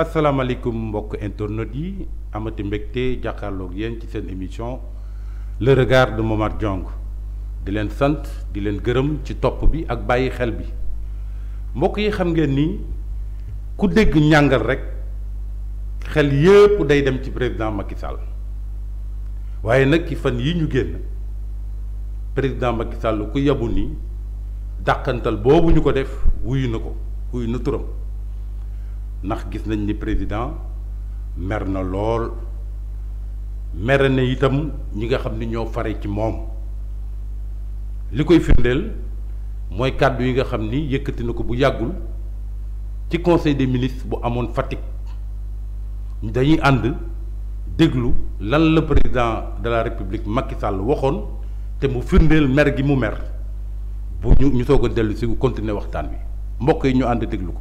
assalamu asalaamaaleykum mbokk internet yi amati mbégte jàkkaarloog yeen ci sen émission le regard de Momar Diong di len sante di len gërëm ci top bi ak bàyyi xel bi mbokk yi xam ngeen ni ku dégg ñangal rek xel yépp day dem ci président Macky Sall waaye nag ci fan yi ñu génn président Macky Sall ku yabu ni dàqantal boobu ñu ko def wuyu na ko wuyu na turam ndax gis nañ ni président mer na lool mer na itam ñi nga xam ni ñoo fare ci moom li koy firndeel mooy kàddu yi nga xam ni yëkkati na ko bu yàggul ci conseil des ministres bu amoon Fatick dañuy ànd déglu lan le président de la république Macky Sall waxoon te mu firndeel mer gi mu mer bu ñu ñu soog a dellu si continuer waxtaan bi mbokk yi ñu ànd déglu ko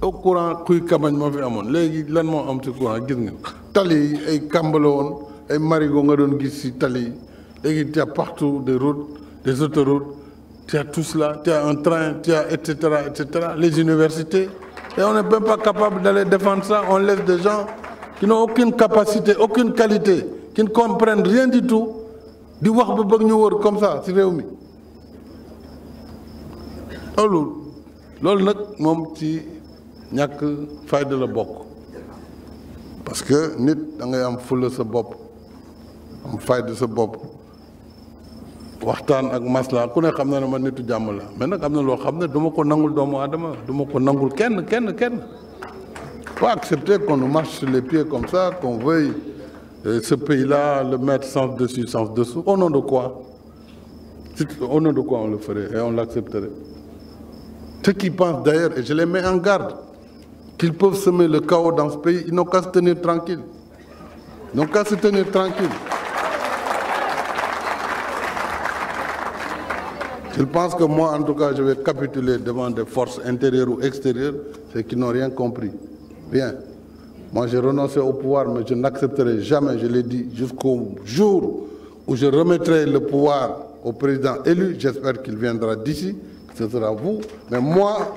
au courant kuy est moo fi amone léegi lan mo am ci courant gis nga tali ay kambalo won ay marigo nga don gis ci tali yi léegi tu as partout des routes des autoroutes tu as tout cela tu as un train tu as et cetera et les universités et on n'est même pas capable d'aller défendre ça on laisse des gens qui n'ont aucune capacité aucune qualité qui ne comprennent rien du tout di wax ba bëgg ñu wër comme ça ci réew mi lolou loolu nag moom ci ñàkk fayda la bok parce que nit da ngay am fulla sa bop am fayda sa bop waxtan ak masla ku ne xam ma nitu jàmm la mais nak amna lo loo xam ne ko nangul doomu aadama du ma ko nangul kenn kenn kenn faut accepter qu'on nous marche sur les pieds comme ça qu'on veuille ce pays-là le mettre sens dessus sens dessous au nom de quoi au nom de quoi on le ferait et on l'accepterait ceux qui pensent d'ailleurs et je les mets en garde qu'ils peuvent semer le chaos dans ce pays, ils n'ont qu'à se tenir tranquille. Ils n'ont qu'à se tenir tranquille. Ils pensent que moi, en tout cas, je vais capituler devant des forces intérieures ou extérieures, c'est qui n'ont rien compris. Bien. Moi, j'ai renoncé au pouvoir, mais je n'accepterai jamais, je l'ai dit, jusqu'au jour où je remettrai le pouvoir au président élu. J'espère qu'il viendra d'ici, ce sera vous. Mais moi,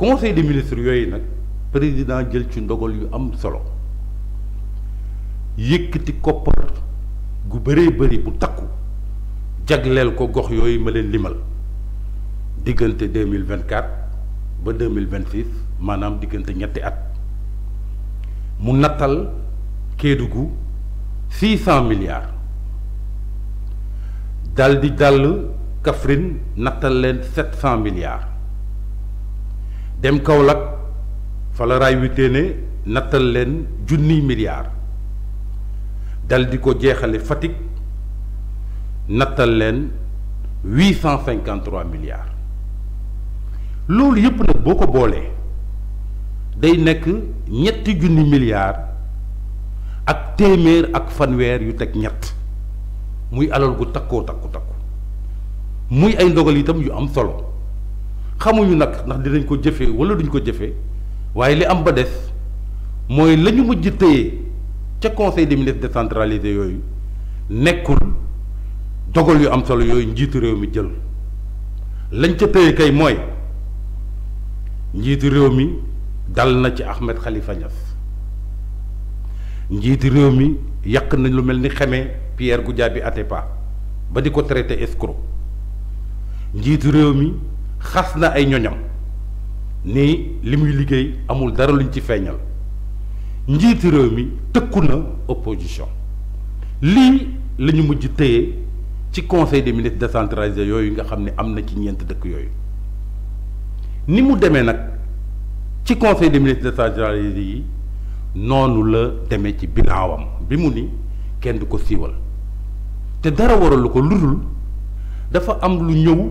conseil des ministres, le président a pris une am solo. Il y a des gens qui ont été coupés, qui limal. été 2024, 2026, manam digënté ñetti at mu natal kédugu 600 milliards daldi dal kafrine natal 700 milliards dem Kaolack fa la raay wi téene nattal leen junniy milliards dal di ko jeexale Fatick nattal leen huit cent cinquante loolu yëpp nag boo ko boolee day nekk ñetti junni milliards ak téeméer ak fanweer yu teg ñett muy alal gu takkoo takku takku muy ay ndogal itam yu am solo. xamuñu nag ndax dinañ ko jëfee wala duñ ko jëfee waaye li am ba des mooy lañu ñu mujj tëye ca conseil des ministres décentralisé yooyu nekkul dogal yu am solo yooyu njiitu réew mi jël lañ ca tëye kay mooy njiitu réew mi dal na ci Ahmed xalifa Niass njiitu réew mi yàq nañ lu mel ni xeme Pierre Goudiaby Atepa ba di ko traité escroc njiitu réew mi. xas na ay ñoñam ni li muy liggéey amul dara luñ ci feeñal njiitu réew mi tëkku na opposition lii la ñu mujj téye ci conseil des ministres décentralisé yooyu nga xam ne am na ci ñeent dëkk yooyu ni mu demee nag ci conseil de des de décentralisé yi noonu la demee ci bilaawam bi mu ni kenn du ko siiwal te dara waralu ko ludul dafa am lu ñëw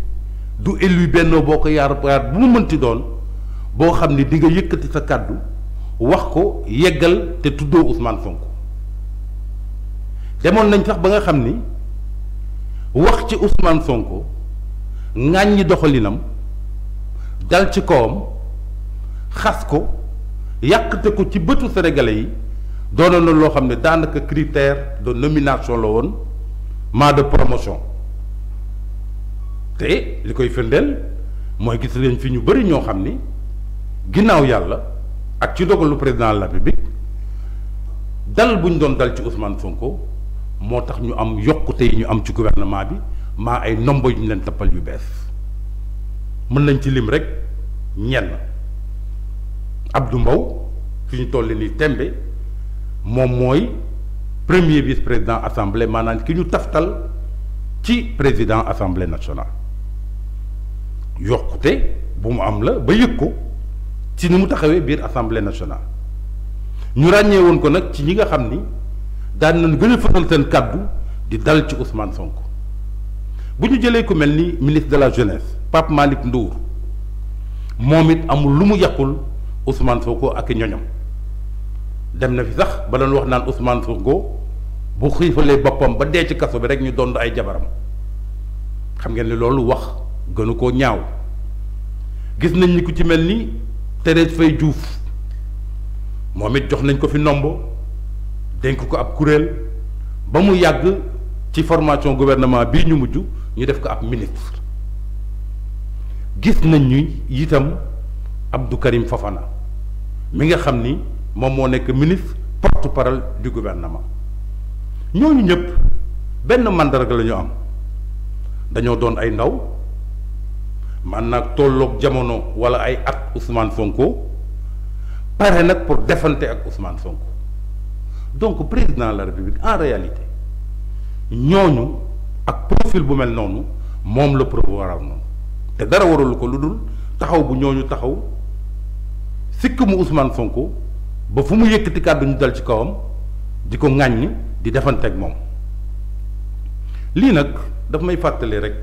du élu Benno Bokk Yaakaar bu mu mënti doon boo xam ni dinga nga yëkkati sa kàddu wax ko yeggal te tuddoo Ousmane Sonko demoon nañ sax ba nga xam ni wax ci Ousmane Sonko ŋàññi doxalinam dal ci kawam xas ko yàqte ko ci bëtu sénégalais yi doonoon na loo xam ne daanaka critère de nomination la woon maa de promotion te li koy firndeel mooy gis leen fi ñu bëri ñoo xam ni ginnaaw yàlla ak ci dogalu président de la République dal bu ñu doon dal ci Ousmane fonko moo tax ñu am yokkute yi ñu am ci gouvernement bi maa ay nombo yu ñu leen tappal yu bees mën nañ ci lim rek ñenn Abdou Mbow fi ñu toll nii tembe moom mooy premier vice président assemblée maanaam ki ñu taftal ci président assemblée nationale. yokkute bu mu am la ba yëg ko ci ni mu taxawee biir assemblée nationale ñu ràññee woon ko nag ci ñi nga xam ni daan nañ gën a fësal seen kàddu di dal ci Ousmane Sonko bu ñu jëlee ku mel ni ministre de la jeunesse Pape Malick Ndour moom it amul lu mu yàqul Ousmane Sonko ak ñoñom dem na fi sax ba doon wax naan Ousmane Sonko bu xiifalee boppam ba dee ci kaso bi rek ñu doon ay jabaram xam nga ni loolu wax gënu ko ñaaw gis nañ ni ku ci mel ni Thérèse Faye Diouf moom it jox nañ ko fi nombo dénk ko ab kuréel ba mu yàgg ci formation gouvernement bii ñu mujj ñu def ko ab ministre gis nañ ñu itam Abdou Karim Fofana mi nga xam ni moom moo nekk ministre porte-parole du gouvernement ñooñu ñëpp benn mandarga la am dañoo doon ay ndaw man maanaam tolloog jamono wala ay at Ousmane Sonko pare nag pour defante ak Ousmane Sonko donc président de la République en réalité ñooñu ak profil bu mel noonu moom la pro waral noonu te dara waralu ko lu dul taxaw bu ñooñu taxaw sikk mu Ousmane Sonko ba fu mu yëkkati kàddu ñu dal ci kawam di ko ŋàññ di defante ak moom lii nag daf may fàttali rek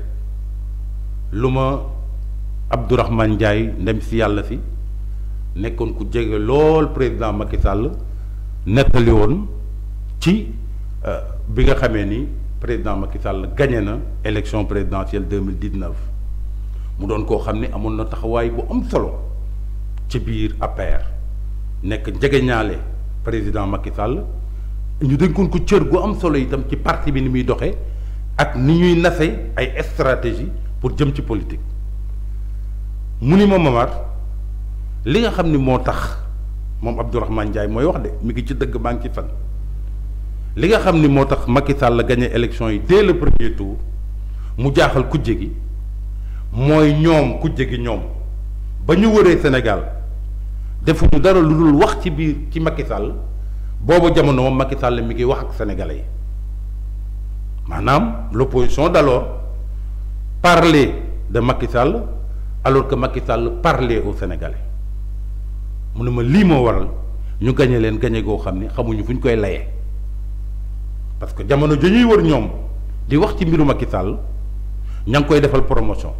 lu ma. Abdourahmane Ndiaye ndem si yalla si nekkon ku jege lol président Macky Sall nettali won ci euh, bi nga xamé ni président Macky Sall gagné na élection présidentielle 2019, mu doon ko xamné amon na taxaway bu am solo ci biir APR nekk ñalé président Macky Sall ñu dénkoon ko cër gu am solo itam ci parti bi ni muy doxé ak ni ñuy nafé ay stratégie pour jëm ci politique. mu ni ma Mamar li nga xam ni moo tax moom Abdourahmane Ndiaye mooy wax de mi ngi ci dëgg maa ci fan li nga xam ni moo tax Macky Sall gagné élection yi dès le premier tour mu jaaxal kujje gi mooy ñoom kujje gi ñoom ba ñu wëree Sénégal defuñu dara lu dul wax ci biir ci Macky Sall boobu jamono moom Macky Sall mi ngi wax ak sénégalais yi maanaam l'opposition d'alors parlait de Macky alors que Macky Sall parlait aux Sénégalais ma lii moo waral ñu gañe leen gañee goo xam ni xamuñu fu ñu koy laye parce que jamono ju ñuy wër ñoom di wax ci mbiru Macky Sall ña ngi koy defal promotion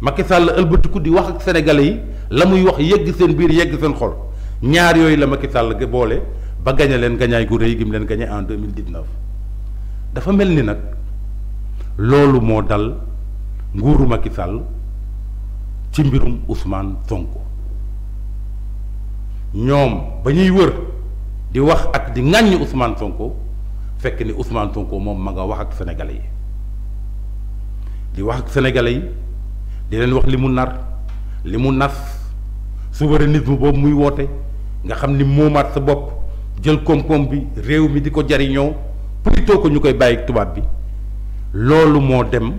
Macky Sall ëlbatiku di wax ak sénégalais yi la muy wax yegg seen biir yegg seen xol ñaar yooyu la Macky Sall boole ba gañe leen gañaay gu rëy gi leen gañee en 2019 dafa mel ni nag loolu moo dal nguuru Macky Sall ci mbirum Ousmane Sonko ñoom ba ñuy wër di wax ak di ŋàññ Ousmane Sonko fekk ni Ousmane Sonko moom ma nga wax ak sénégalais yi di wax ak sénégalais yi di leen wax li mu nar li nas souverainisme boobu muy woote nga xam ni moomaat sa bopp jël koom-koom bi réew mi di ko plutôt que ñu koy bàyyi bi loolu moo dem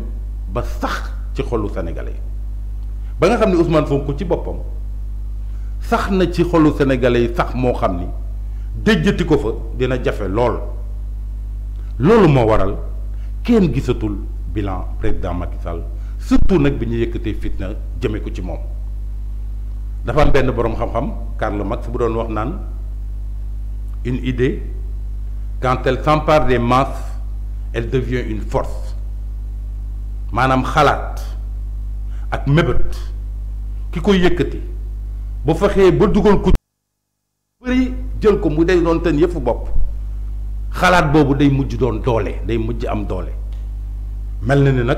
ba sax ci xolu sénégalais ba nga xam ne Ousmane Sonko ci boppam sax na ci xolu sénégalais yi sax moo xam ni déjjati ko fa dina jafe lol loolu mo waral kenn gisatul bilan président Macky Sall surtout nag bi ñu fitna jëme ko ci moom dafa am benn boroom xam-xam Karl Marx bu doon wax naan une idée quand elle s'empare des masses elle devient une force manam xalaat ak mébét ki koy yëkkati bu fexee ba dugal ko bëri jël ko mu day doon ten yëfu bopp xalaat boobu day mujj doon doole day mujj am doole mel na ni nag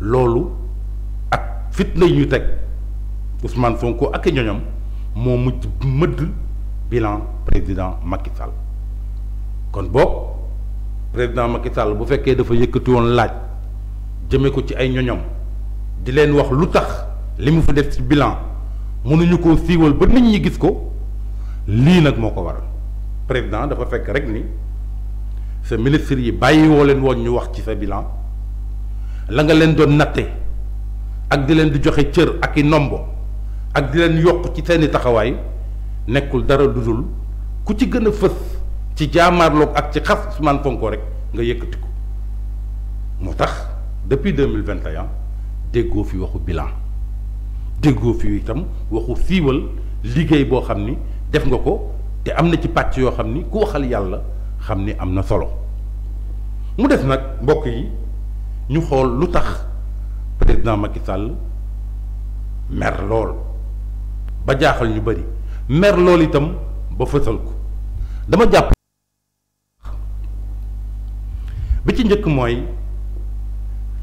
loolu ak fitna yi ñu teg Ousmane Sonko ak i ñoñam moo mujj mëdd bilan président Macky kon boog président Macky bu fekkee dafa yëkkati woon laaj jëme ko ci ay ñoñam di leen wax lu tax li mu fi def ci bilan mënuñu ko siiwal ba nit ñi gis ko lii nag moo ko waral président dafa fekk rek ni sa ministre yi bàyyi woo leen woon ñu wax ci sa bilan la nga leen doon natte ak di leen di joxe cër ak i nombo ak di leen yokk ci seeni taxawaay nekkul dara dudul ku ci gën a fës ci jaamaarloog ak ci xas Ousmane Sonko rek nga yëkkati ko moo tax depuis deux mille vingt déggoo fi waxu bilan déggoo fi itam waxu siiwal liggéey boo xam ni def nga ko te am na ci pàcc yoo xam ni ku waxal yàlla xam ni am na solo mu des nag mbokk yi ñu xool lu tax président Macky mer lool ba jaaxal ñu bari mer lool itam ba fësal ko dama jàpp bi ci njëkk mooy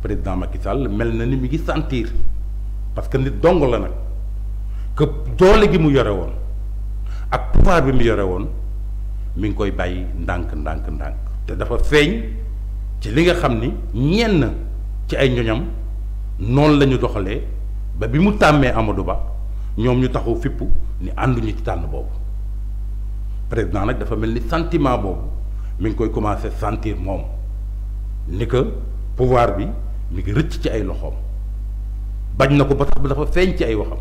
président Macky Sall mel na ni mu ngi sentir parce que nit dong la nag këpp doole gi mu yore woon ak pouvoir bi mu yore woon mi ngi koy bàyyi ndànk ndànk ndànk te dafa feeñ ci li nga xam ni ñenn ci ay ñoñam noonu la ñu doxalee ba bi mu tàmmee Amadou Ba ñoom ñu taxaw fippu ni ànduñu ci tànn boobu président nag dafa mel ni santiment boobu mi ngi koy commencer sentir moom ni que pouvoir bi mi ngi rëcc ci ay loxoom bañ na ko ba tax ba dafa feeñ ci ay waxam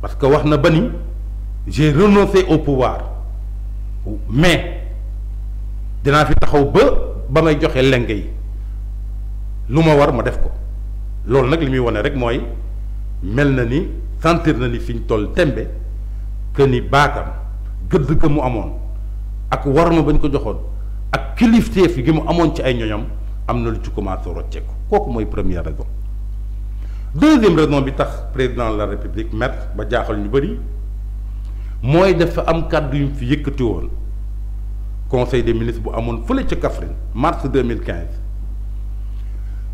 parce que wax na ba ni j'ai renoncé au pouvoir mais dinaa fi taxaw ba ba may joxe lenge yi lu ma war ma def ko loolu nag li muy wane rek mooy mel na ni sentir na ni fi ñu toll tembe que ni baatam gëdd ga mu amoon ak war ma ba ñu ko joxoon ak kilifteef gi mu amoon ci ay ñoñam am na lu ci commencé ko kooku mooy première raison deuxième raison bi tax président de la république mer ba jaaxal ñu bëri mooy dafa am kàddu yu mu fi yëkkati woon conseil des ministres bu amoon fële ca Kaffrine mars 2015. mille quinze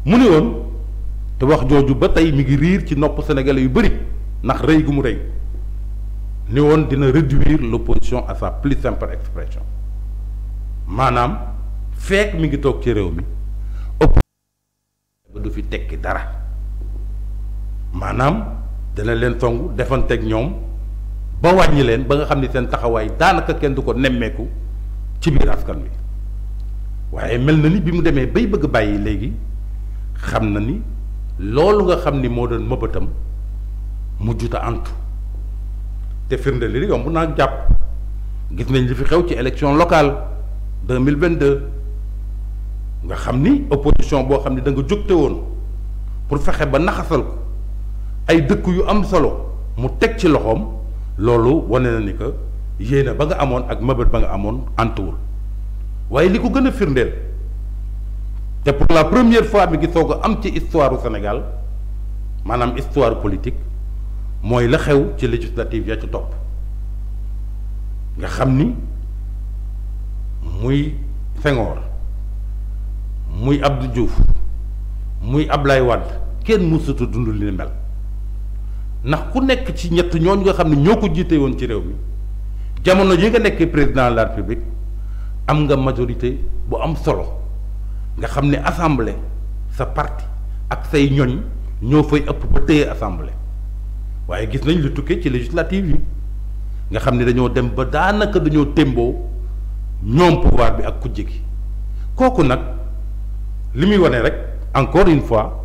mu ne woon te wax jooju ba tey mi ngi riir ci nopp sénégalais yu bëri ndax rëy gu mu ni woon dina réduire l'opposition à sa plus simple expression maanaam feek mi ngi toog ci réew mi du fi tekki dara maanaam dana leen song defanteeg ñoom ba wàññi leen ba nga xam ni seen taxawaay daanaka kenn du ko nemmeeku ci biir askan wi waaye mel na ni bi mu demee bay bëgg bàyyi léegi xam na ni loolu nga xam ni moo doon mëbëtam mujjuta antu te firnde li yomb naa jàpp gis nañ li fi xew ci élection locale deux mille vingt-deux nga xam ni opposition boo xam ni danga nga jógte woon pour fexe ba naxasal ko ay dëkk yu am solo mu teg ci loxoom loolu wane na ni que yéene ba nga amoon ak mébét ba nga amoon antuwul waaye li ko gën a firndeel te pour la première fois bi ngi soog a am ci histoire u Sénégal maanaam histoire politique mooy la xew ci législative ya ci topp nga xam ni muy Senghor muy Abdou Diouf muy Ablaye Wade kenn mësatu dund li mel ndax ku nekk ci ñett ñooñu nga xam ne ñoo ko jiite woon ci réew mi jamono yi nga nekkee président la république am nga majorité bu am solo nga xam ne assemblée sa parti ak say ñoñ ñoo fay ëpp ba téye assemblée waaye gis nañ lu tukkee ci législative yi nga xam ne dañoo dem ba daanaka dañoo témboo ñoom pouvoir bi ak kujje gi kooku nag. li muy wane rek encore une fois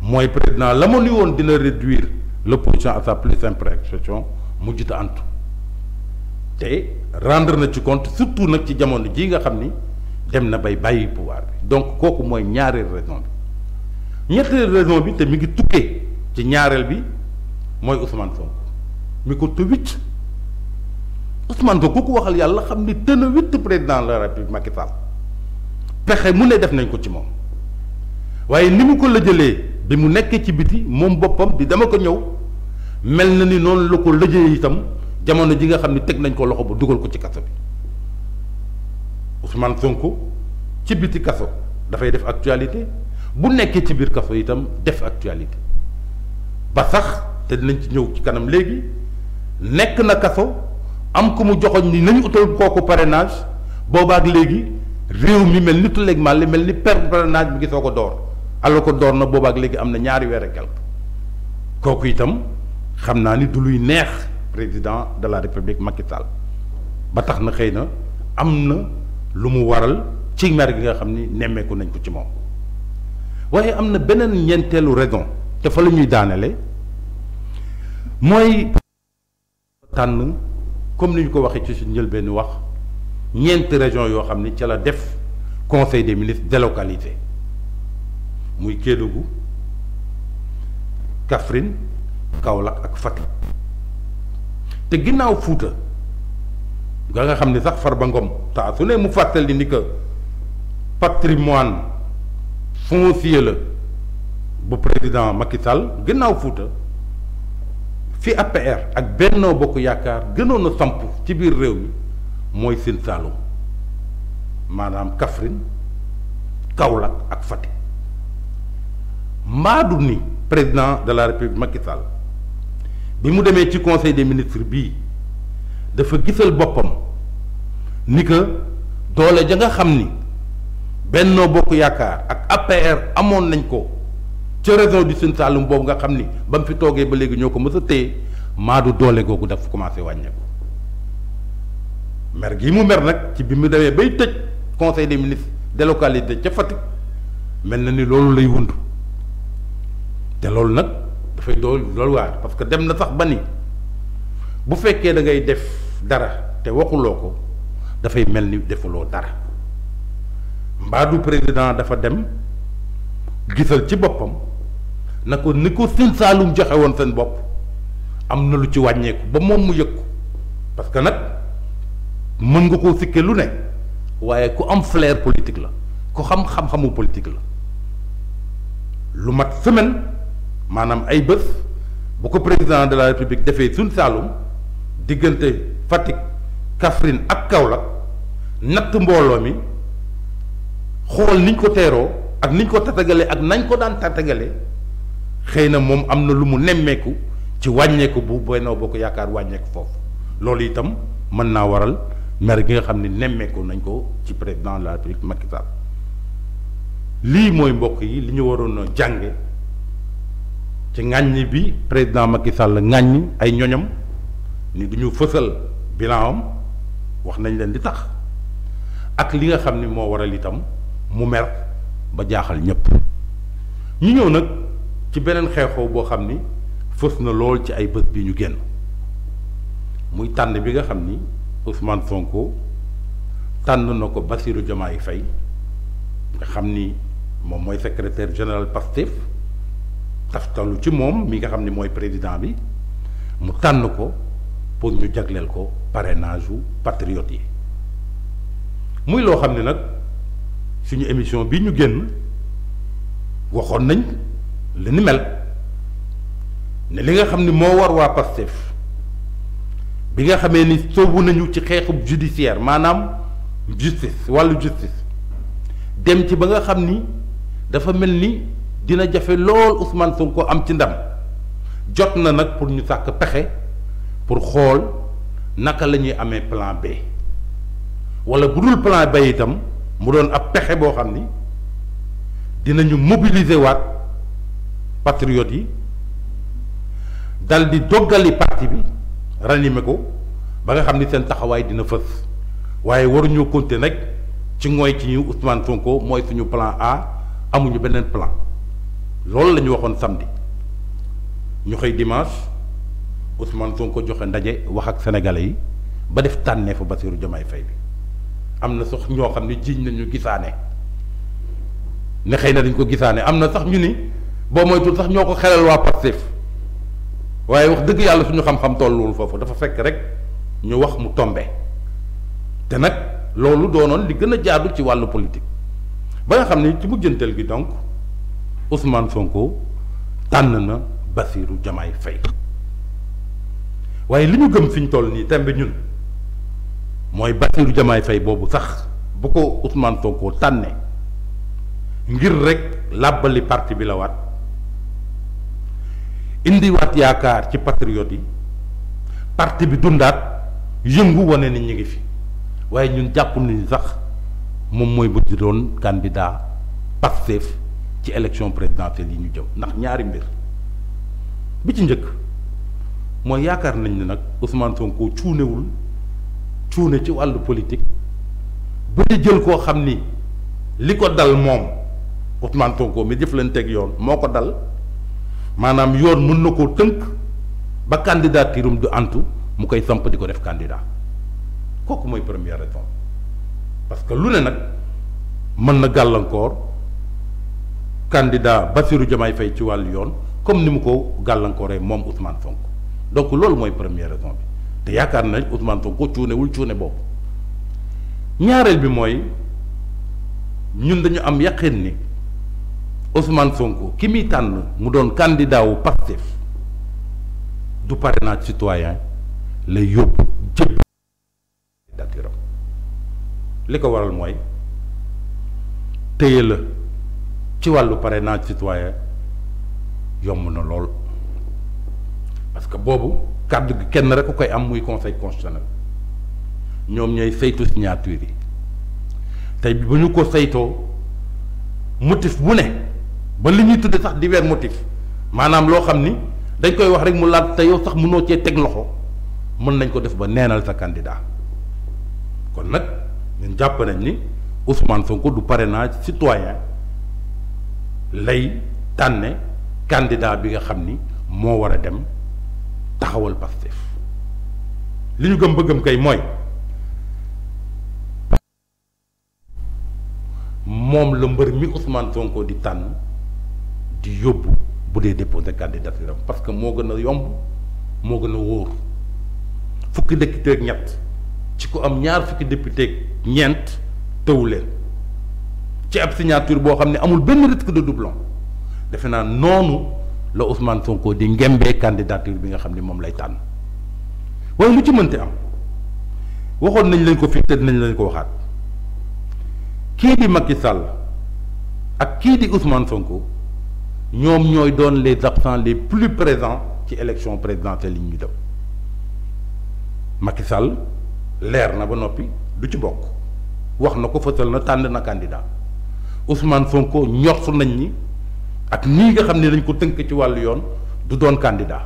mooy président la ma ni woon dina réduire l'opposition à sa plus simple expression mujj ta antu te rendre na ci compte surtout nag ci jamono ji nga xam ni dem na bay bàyyi pouvoir bi donc kooku mooy ñaareel raison bi ñetteel raison bi te mi ngi tukkee ci ñaareel bi mooy Ousmane Sonko mi ko tëwit Ousmane Sonko ku waxal yàlla xam ni tën witt président de la République Macky Sall pexe mu ne def nañ ko ci moom waaye ni mu ko lëjëlee bi mu nekkee ci biti moom boppam bi dama ko ñëw mel na ni noonu la ko lëjëlee itam jamono ji nga xam ne teg nañ ko loxo ba dugal ko ci kaso bi Ousmane Sonko ci biti kaso dafay def actualité bu nekkee ci biir kaso itam def actualité ba sax te dinañ ci ñëw ci kanam léegi nekk na kaso am ko mu joxoñ ni nañu utal kooku parrainage boobaak léegi. réew mi mel ni mal li mel ni bi gisoo ko door alors que door na boobaak léegi am na ñaari weer ak itam xam ni du luy neex président de la république Macky Sall ba tax na xëy na am na lu mu waral ci mer gi nga xam ni nemmeeku nañ ko ci moom waaye am na beneen raison te fa la ñuy daanele mooy comme ni ko ci wax ñeenti région yoo xam ni ca la def conseil des ministres délocalisé muy Kédougou Kaffrine Kaolack ak Fatick te ginnaaw Fuuta nga nga xam ni sax Farba Ngom su ne mu fàttali ni que patrimoine foncier la bu président Macky Sall ginnaaw Fuuta fi APR ak Benno Bokk Yaakaar gënoon a samp ci biir réew mi mooy Sine Saalum maanaam Kaffrine Kaolack ak Fatick maadu ni président de la république Macky Sall bi mu demee ci conseil des ministres bii dafa gisal boppam ni que doole ja nga xam ni Benno Bokk Yaakaar ak APR amoon nañ ko ca région du Sine Saalum boobu nga xam ni ba mu fi toogee ba léegi ñoo ko mës a téye maadu doole googu daf commencé wàññeeku. mer gi mu mer nag ci bi mu demee bay tëj conseil des ministres délocalisé ca Fatick mel na ni loolu lay wund te loolu nag dafay dool loolu waar parce que dem na sax ba ni bu fekkee da ngay def dara te waxuloo ko dafay mel ni defuloo dara mbaadu président dafa dem gisal ci boppam na ko ni ko Sine Saalum joxe seen bopp am na lu ci wàññeeku ba moom mu yëg ko parce que nag. mën nga koo sikke lu ne waaye ku am flair politique la ku xam xam-xamu politique la lu mat semaine maanaam ay bés bu ko président de la république defee suñ Saalum diggante Fatick Kaffrine ak kawla natt mbooloo mi xool niñ ko teeroo ak niñ ko tatagalee ak nañ ko daan tatagalee xëy na moom am na lu mu nemmeeku ci wàññeeku bu Benno Bokk Yaakaar wàññeeku foofu loolu itam mën naa waral mer gi nga xam ne nemmeeku nañ ko ci président la République Macky lii mooy mbokk yi li ñu waroon a jànge ci ŋàññi bi président Macky Sall ŋàññi ay ñoñam ni du ñu fësal bilan wax nañ leen di tax ak li nga xam ni moo waral itam mu mer ba jaaxal ñépp ñu ñëw nag ci beneen xeexoo boo xam ni fës na lool ci ay bés bi ñu génn muy tànn bi nga xam ni. Ousmane Sonko tann nako ko Bassirou Diomaye Faye nga xamni mom moy secrétaire général Pastef taftalu ci mom mi nga xamni moy président bi mu tann ko pour ñu jaglel ko parrainage u yi muy lo xamni nak suñu émission bi ñu genn waxon nañ li ni mel ne li nga xamni mo war wa Pastef bi nga xamee ni sóobu nañu ci xeexub judiciaire maanaam justice wàllu justice dem ci ba nga xam ni dafa mel ni dina jafe lool Ousmane Sonko am ci ndam jot na nag pour ñu sàkk pexe pour xool naka la ñuy amee plan B wala bu dul plan B itam mu doon ab pexe boo xam ni dinañu mobiliser waat patriotes yi dal di doggali parti bi. ranimer ko ba nga xam ni seen taxawaay dina fës waaye waruñoo compter nag ci mooy ci ñu Ousmane Sonko mooy suñu plan A amuñu beneen plan loolu la waxoon samedi ñu xëy dimanche Ousmane Sonko joxe ndaje wax ak sénégalais yi ba def tànneefu Bassirou Diomaye fay bi am na sax ñoo xam ne jiiñ nañu gisaane ne xëy na dañ ko gisaane am na sax ñu ni boo moytul sax ñoo ko xelal waa Pastef waaye wax dëgg yàlla suñu xam-xam tolluwul foofu dafa fekk rek ñu wax mu tombe te nag loolu doonoon li gën a jaadu ci wàllu politique ba nga xam ne ci mujjantal gi donc Ousmane Sonko tànn na basiiru jamaay Faye waaye li ñu gëm fi toll nii tembe ñun mooy Bassirou jamaay fay boobu sax bu ko Ousmane Sonko tànne ngir rek làbbali parti bi la waat indiwaat yaakaar ci patriotes yi parti bi dundaat yëngu wane ni ñu ngi fi waaye ñun jàpp nañu sax moom mooy bu di doon candidat Pastef ci élection présidentielle yi ñu jëm ndax ñaari mbir bi ci njëkk mooy yaakaar nañ ne nag Ousmane Sonko cuunewul cuune ci wàll politique ba ñu jël koo xam ni li ko dal moom Ousmane Sonko mi jëflanteeg yoon moo ko dal. maanaam yoon mën na koo tënk ba candidature am du antu mu koy samp di ko def candidat kooku mooy première raison parce que lu ne nag mën na gàllankoor candidat Bassirou jamaay fay ci wàll yoon comme ni mu ko gàllankooree moom Ousmane Sonko donc loolu mooy première raison bi te yaakaar na Ousmane Sonko cuunewul cuune boobu ñaareel bi mooy ñun dañu am yaqin ni Ousmane Sonko ki muy tànn mu doon candidat wu Pastef du parrainage citoyen lay yóbbu jëpp li ko waral mooy téye la ci wàllu parrainage citoyen yomb na lool parce que boobu kàdd gi kenn rek ku koy am muy conseil constitutionnel ñoom ñooy saytu signature yi tey bu ñu ko saytoo motif bu ne. ba li ñuy tëdd sax divers motifs maanaam loo xam ni dañ koy wax rek mu laal te yow sax mënoo cee teg loxo mën nañ ko def ba neenal sa candidat kon nag ñun jàpp nañ ni Ousmane Sonko du parrainage citoyen lay tànne candidat bi nga xam ni moo war a dem taxawal Pastef li ñu gëm bëggam kay mooy moom la mbër mi Ousmane Sonko di tànn di yóbbu bu dee déposé candidature am parce que moo gën a yomb moo gën a wóor fukki député ñett ci ko am ñaar fukki député ñeent tëwu leen ci ab signature boo xam ne amul benn risque de doublon defe naa noonu la Ousmane Sonko di ngembee candidature bi nga xam ni moom lay tànn waaye lu ci mënti am waxoon nañ lañ ko fi te nañ lañ ko waxaat kii di Macky Sall ak kii di Ousmane Sonko. ñoom ñooy doon les absents les plus présents ci élection présidentielle yi ñu dem Macky Sall leer na ba nopi du ci bokk wax na na tànn na candidat Ousmane Sonko su nañ ni ak ni nga xamni dañ ko teunk ci walu yoon du doon candidat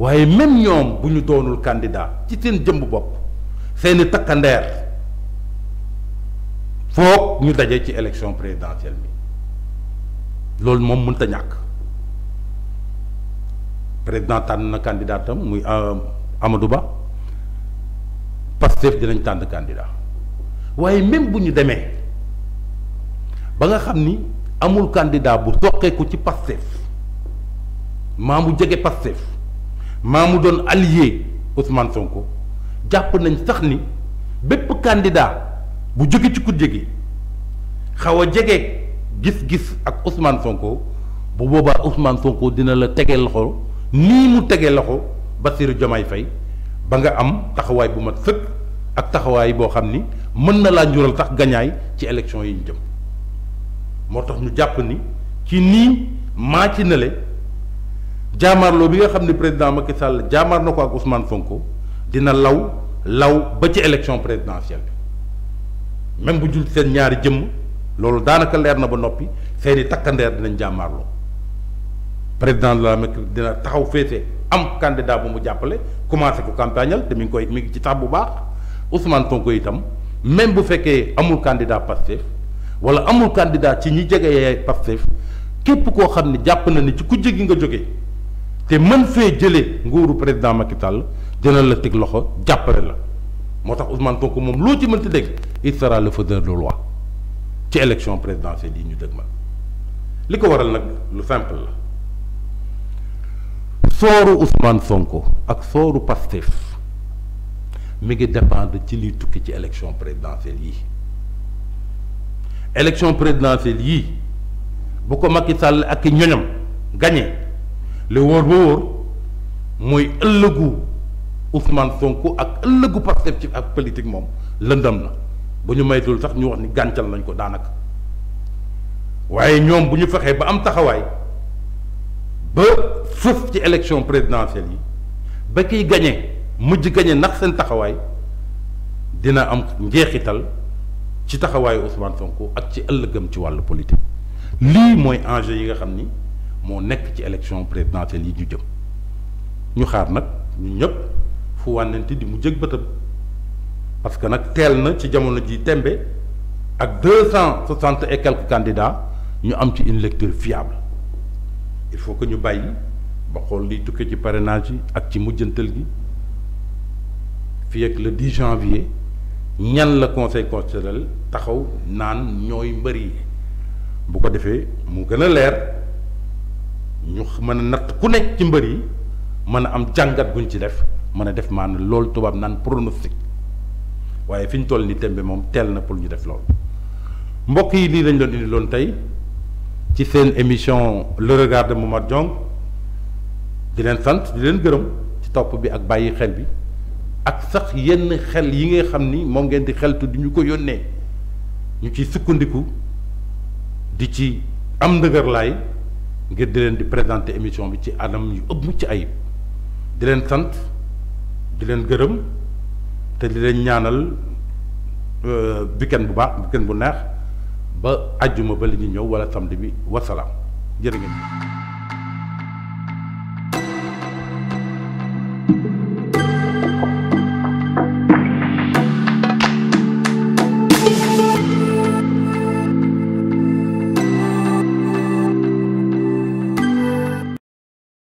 waaye même ñom bu ñu doonul candidat ci seen jëmb bopp seeni takkandeer fook ñu dajé ci élection présidentielle bi loolu moom mënta ñàkk président tànn na candidatam muy euh, Amadou Ba Pastef dinañ tànn candidat waaye même bu ñu demee ba nga xam ni amul candidat bu soqeeku ci Pastef maa mu jege Pastef maa don doon allié Ousmane Sonko jàpp nañ sax ni bépp candidat bu jóge ci kujje gi xaw a gis-gis ak Ousmane Sonko bu boobaa Ousmane Sonko dina la tege loxo mu tege loxo Bassirou Diomaye Faye ba nga am taxawaay bu mat sëkk ak taxawaay boo xam ni mën na laa njural tax gañaay ci élection yi jëm moo tax ñu jàpp ni ci nii maa ci nele bi nga xam ne président Macky Sall jaamaar ko ak Ousmane Sonko dina law law ba ci élection présidentielle bi même bu jul seen ñaari jëmm. loolu daanaka leer na ba noppi seeni takkandeer dinañ jàmmaarloo président de la République dina taxaw féete am candidat bu mu jàppale commencé ko campagnal te mi ngi koy mi ngi ci tax bu baax Ousmane Sonko itam même bu fekkee amul candidat Pastef wala amul candidat ci ñi jege Pastef képp koo xam ne jàpp na ni ci ku jegi nga jóge te mën fee jëlee nguuru président Macky Sall dina la teg loxo jàppale la moo tax Ousmane Sonko moom loo ci mënti dégg il sera le faiseur de loi ci élection présidentielle yi ñu dëgmal li ko waral nag lu simple la sooru Ousmane Sonko ak sooru Pastef mu ngi dépendre ci liy tukki ci élection présidentielle yi élection présidentielle yii bu ko mag Macky sàll ak ñoñam gagné li wóor ba wóor mooy ëllëgu Ousmane Sonko ak ëllëgu Pastef ci ak politique moom lëndam na. bu ñu maytul sax ñu wax ni gàncal nañ ko daanaka waaye ñoom bu ñu fexee ba am taxawaay ba fëf ci élection présidentielle yi ba kiy gañe mujj gañe ndax seen taxawaay dina am njeexital ci taxawaayu Ousmane Sonko ak ci ëllëgam ci wàllu politique lii mooy enjeu yi nga xam ni moo nekk ci élection présidentielle yi ñu jëm ñu xaar nag ñu ñëpp fu wànnante di mu jëg bëtam parce que nous avons na ci jamono ji tembe ak 260 et quelques candidats nous avons une lecture fiable il faut que nous nous ba xool liy tukkee ci parrainage yi ak ci mujjantal gi fii le 10 janvier ñan la conseil constitutionnel taxaw nan ñoy mbeuri bu ko defee mu gëna a leer ñu mën n'at ku nekk ci mbeuri yi am jangat guñ ci def nous avons def man pronostic waaye fi ñu toll ni tembe moom teel na pour ñu def loolu mbokk yi lii lañ doon indi loon tey ci seen émission le regard de Momar Diong di leen sant di leen gërëm ci topp bi ak bàyyi xel bi ak sax yenn xel yi nga xam ni moom ngeen di xeltu di ñu ko yónnee ñu ci sukkandiku di ci am ndëgër ndëgërlaay ngir di leen di présenter émission bi ci anam yu ëpp ci ayib di leen sant di leen gërëm te di leen ñaanal euh, weekend bu baax weekend bu neex ba àjjuma ba li ñuy ñëw wala samedi bi wasalaam jërë